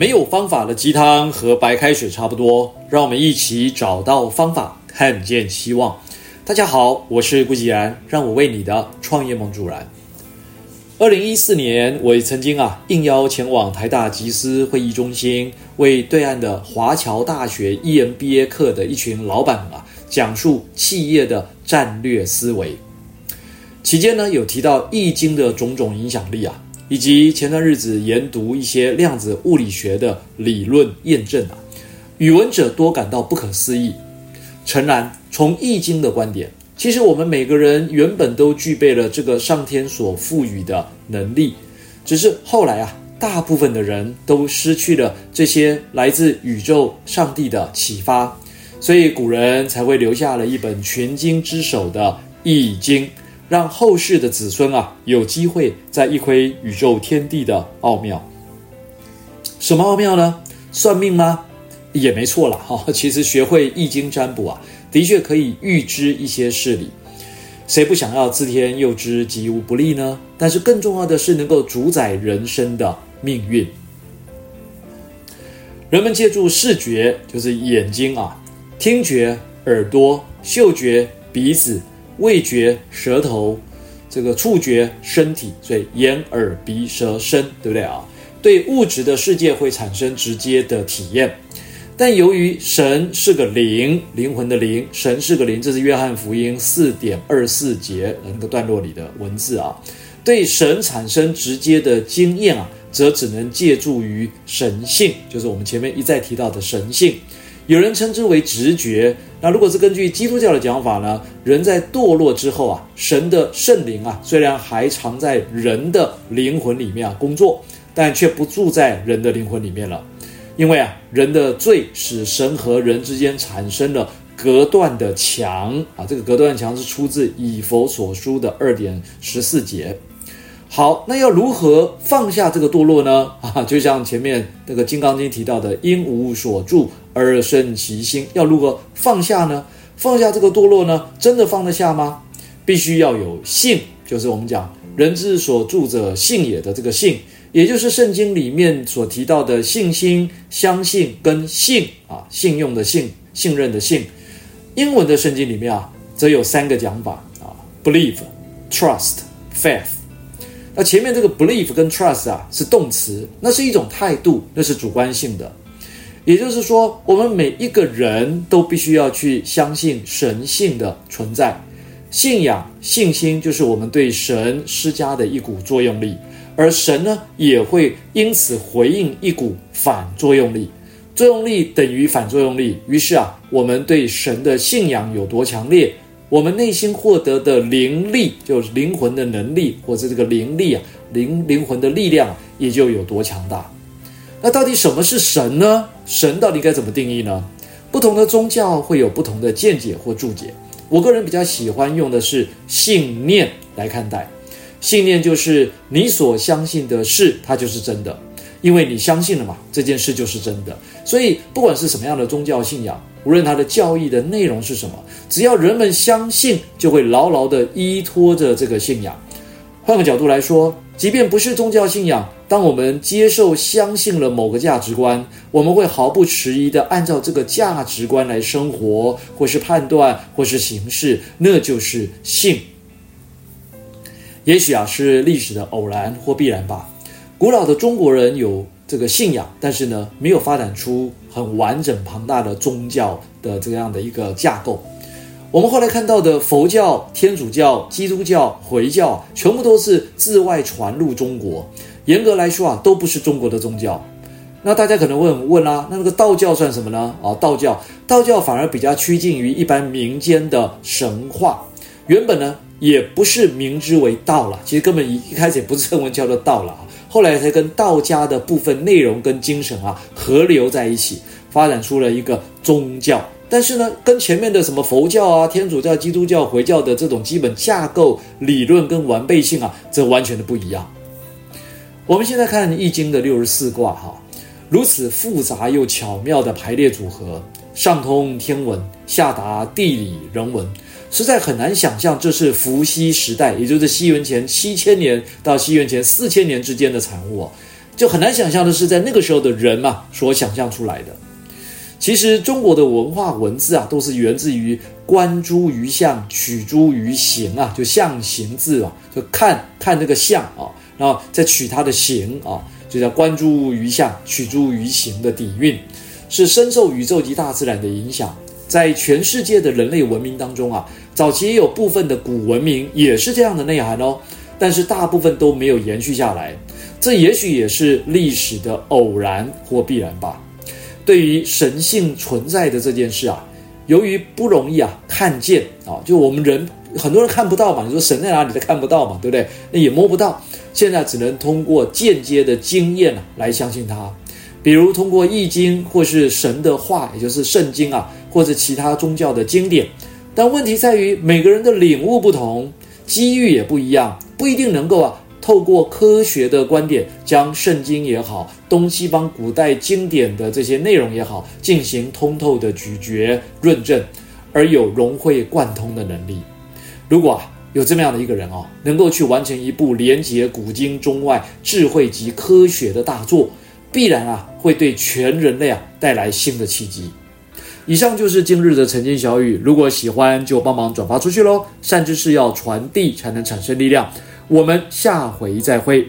沒有方法的雞湯和白開水差不多，讓我們一起找到方法，看見希望。大家好，我是顧吉然，讓我為你的創業夢助燃。二零一四年，我也曾經啊應邀前往台大集思會議中心，為對岸的華僑大學 EMBA 課的一群老闆啊講述企業的戰略思維。期間呢，有提到《易經》的種種影響力啊。以及前段日子研讀一些量子物理學的理論驗證啊，語文者多感到不可思議。誠然，從易經的觀點，其實我們每個人原本都具備了這個上天所賦予的能力，只是後來啊，大部分的人都失去了這些來自宇宙上帝的啟發，所以古人才會留下了一本群經之首的易經。讓後世的子孫啊，有機會再一窺宇宙天地的奧妙。什麼奧妙呢？算命嗎？也沒錯啦。哈，其實學會易經占卜啊，的確可以預知一些事理。誰不想要自天佑之，吉無不利呢？但是更重要的是能夠主宰人生的命運。人們借助視覺，就是眼睛啊；聽覺，耳朵；嗅覺，鼻子。味覺、舌頭，這個觸覺、身體，所以眼、耳、鼻、舌、身，對不對啊？對物質的世界會產生直接的體驗，但由於神是個靈，靈魂的靈，神是個靈，這是約翰福音四點二四節那個段落裡的文字啊。對神產生直接的經驗啊，則只能借助於神性，就是我們前面一再提到的神性，有人稱之為直覺。那如果是根據基督教的講法呢？人在墮落之後啊，神的聖靈啊，雖然還常在人的靈魂裡面啊工作，但卻不住在人的靈魂裡面了，因為啊，人的罪使神和人之間產生了隔斷的牆啊。這個隔斷的牆是出自以弗所書的二點十四節。好，那要如何放下這個墮落呢？啊，就像前面那個《金剛經》提到的，應無所住。而生其心，要如何放下呢？放下這個墮落呢？真的放得下嗎？必須要有信，就是我們講“人之所住者信也”的這個信，也就是聖經裡面所提到的信心、相信跟信啊，信用的信、信任的信。英文的聖經裡面啊，則有三個講法啊：believe、trust、faith。那前面這個 believe 跟 trust 啊，是動詞，那是一種態度，那是主觀性的。也就是說，我們每一個人都必須要去相信神性的存在，信仰、信心就是我們對神施加的一股作用力，而神呢也會因此回應一股反作用力，作用力等於反作用力。於是啊，我們對神的信仰有多強烈，我們內心獲得的靈力，就是靈魂的能力或者這個靈力啊，靈靈魂的力量也就有多強大。那到底什麼是神呢？神到底該怎麼定義呢？不同的宗教會有不同的見解或注解。我個人比較喜歡用的是信念來看待，信念就是你所相信的事，它就是真的。因為你相信了嘛，這件事就是真的。所以不管是什麼樣的宗教信仰，無論它的教義的內容是什麼，只要人們相信，就會牢牢地依托着這個信仰。換個角度來說，即便不是宗教信仰。當我們接受、相信了某個價值觀，我們會毫不遲疑地按照這個價值觀來生活，或是判斷，或是行事，那就是信。也許啊，是歷史的偶然或必然吧。古老的中國人有這個信仰，但是呢，沒有發展出很完整龐大的宗教的這樣的一個架構。我們後來看到的佛教、天主教、基督教、回教，全部都是自外傳入中國。嚴格來說啊，都不是中國的宗教。那大家可能問問啦、啊，那那個道教算什麼呢？啊，道教，道教反而比較趨近於一般民間的神話。原本呢，也不是名之為道了。其實根本一一開始也不是稱為叫做道了啊。後來才跟道家的部分內容跟精神啊合流在一起，發展出了一個宗教。但是呢，跟前面的什麼佛教啊、天主教、基督教、回教的這種基本架構、理論跟完備性啊，則完全的不一樣。我們現在看《易經》的六十四卦啊，哈，如此複雜又巧妙的排列組合，上通天文，下達地理人文，實在很難想象這是伏羲時代，也就是西元前七千年到西元前四千年之間的產物啊，就很難想象的是，在那個時候的人嘛，啊，所想象出來的。其實中國的文化文字啊，都是源自於觀諸於象，取諸於形啊，就象形字啊，就看看那個象啊。然後，再取它的形啊，就叫關注於象，取諸於形的底蘊，是深受宇宙及大自然的影響。在全世界的人類文明當中啊，早期也有部分的古文明也是這樣的內涵哦，但是大部分都沒有延續下來。這也許也是歷史的偶然或必然吧。對於神性存在的這件事啊，由於不容易啊看見啊，就我們人。很多人看不到嘛，你說神在哪裡都看不到嘛，對不對？那也摸不到。現在只能通過間接的經驗啊來相信他，比如通過易經或是神的話，也就是聖經啊，或者其他宗教的經典。但問題在於每個人的領悟不同，機遇也不一樣，不一定能夠啊透過科學的觀點將聖經也好、東西方古代經典的這些內容也好，進行通透的咀嚼、論證，而有融會貫通的能力。如果、啊、有這麼樣的一個人哦、啊，能夠去完成一部連接古今中外智慧及科學的大作，必然啊會對全人類啊帶來新的契機。以上就是今日的晨間小語，如果喜歡就幫忙轉發出去嘍，善知識要傳遞才能產生力量。我們下回再會。